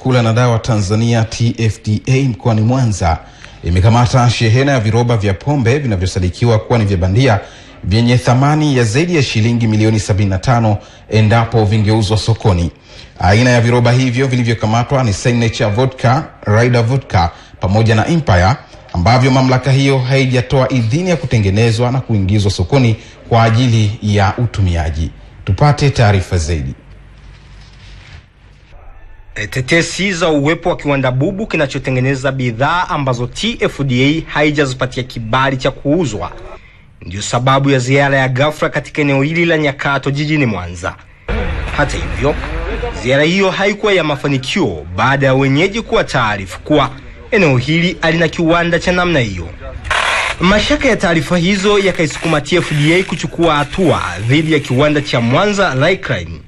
chakula na dawa Tanzania TFDA mkoani Mwanza imekamata shehena ya viroba vya pombe vinavyosadikiwa kuwa ni vya bandia vyenye thamani ya zaidi ya shilingi milioni 75 endapo vingeuzwa sokoni. Aina ya viroba hivyo vilivyokamatwa ni Signature Vodka, Rider Vodka pamoja na Empire ambavyo mamlaka hiyo haijatoa idhini ya kutengenezwa na kuingizwa sokoni kwa ajili ya utumiaji. Tupate taarifa zaidi. Tetesi za uwepo wa kiwanda bubu kinachotengeneza bidhaa ambazo TFDA haijazipatia kibali cha kuuzwa ndiyo sababu ya ziara ya ghafla katika eneo hili la Nyakato jijini Mwanza. Hata hivyo, ziara hiyo haikuwa ya mafanikio baada ya wenyeji kuwa taarifu kuwa eneo hili halina kiwanda cha namna hiyo. Mashaka ya taarifa hizo yakaisukuma TFDA kuchukua hatua dhidi ya kiwanda cha Mwanza Lakrime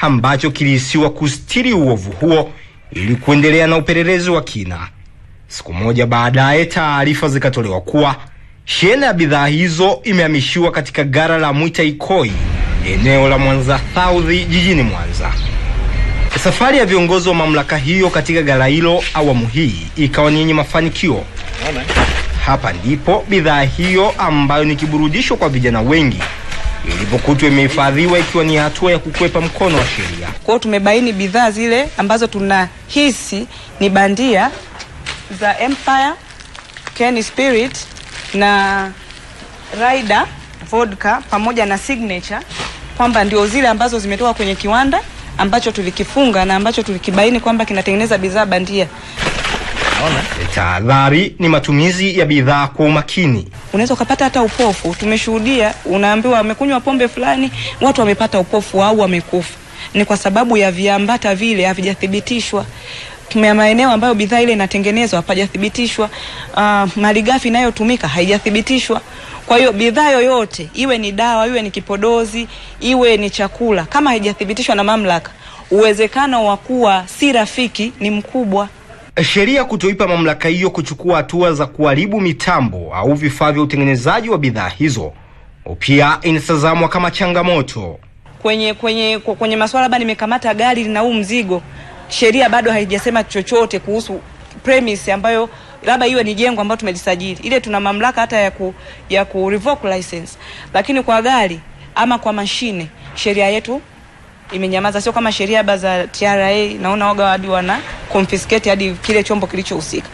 ambacho kilihisiwa kustiri uovu huo ili kuendelea na upelelezi wa kina. Siku moja baadaye, taarifa zikatolewa kuwa shehena ya bidhaa hizo imehamishiwa katika gara la Mwita Ikoi, eneo la Mwanza South jijini Mwanza. Safari ya viongozi wa mamlaka hiyo katika gara hilo awamu hii ikawa ni yenye mafanikio. Hapa ndipo bidhaa hiyo ambayo ni kiburudisho kwa vijana wengi ilipokutwa imehifadhiwa ikiwa ni hatua ya kukwepa mkono wa sheria. Kwa hiyo tumebaini bidhaa zile ambazo tunahisi ni bandia za Empire, Kenny Spirit na Rider Vodka pamoja na Signature kwamba ndio zile ambazo zimetoka kwenye kiwanda ambacho tulikifunga na ambacho tulikibaini kwamba kinatengeneza bidhaa bandia. E, tahadhari ni matumizi ya bidhaa kwa umakini. Unaweza ukapata hata upofu. Tumeshuhudia, unaambiwa amekunywa pombe fulani, watu wamepata upofu au wamekufa, ni kwa sababu ya viambata vile havijathibitishwa tumea maeneo ambayo bidhaa ile inatengenezwa hapajathibitishwa. Uh, ah, malighafi inayotumika haijathibitishwa. Kwa hiyo bidhaa yoyote iwe ni dawa, iwe ni kipodozi, iwe ni chakula, kama haijathibitishwa na mamlaka, uwezekano wa kuwa si rafiki ni mkubwa sheria kutoipa mamlaka hiyo kuchukua hatua za kuharibu mitambo au vifaa vya utengenezaji wa bidhaa hizo pia inatazamwa kama changamoto kwenye kwenye kwenye masuala labda nimekamata gari lina huu mzigo, sheria bado haijasema chochote kuhusu premise ambayo labda iwe ni jengo ambalo tumelisajili, ile tuna mamlaka hata ya ku, ya ku revoke license, lakini kwa gari ama kwa mashine sheria yetu imenyamaza, sio kama sheria ba za TRA. Naona oga hadi wana confiscate hadi kile chombo kilichohusika.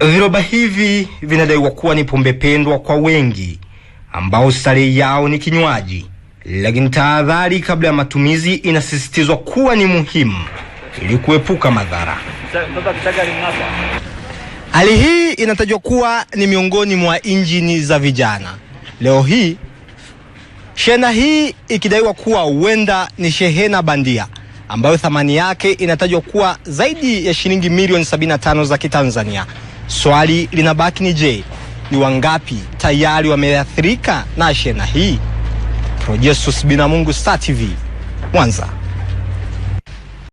Viroba hivi vinadaiwa kuwa ni pombe pendwa kwa wengi ambao starehe yao ni kinywaji, lakini tahadhari kabla ya matumizi inasisitizwa kuwa ni muhimu ili kuepuka madhara. Hali hii inatajwa kuwa ni miongoni mwa injini za vijana leo hii. Shehena hii ikidaiwa kuwa huenda ni shehena bandia ambayo thamani yake inatajwa kuwa zaidi ya shilingi milioni 75 za Kitanzania. Swali linabaki ni je, ni wangapi tayari wameathirika na shehena hii? Projesus Binamungu, Star TV, Mwanza.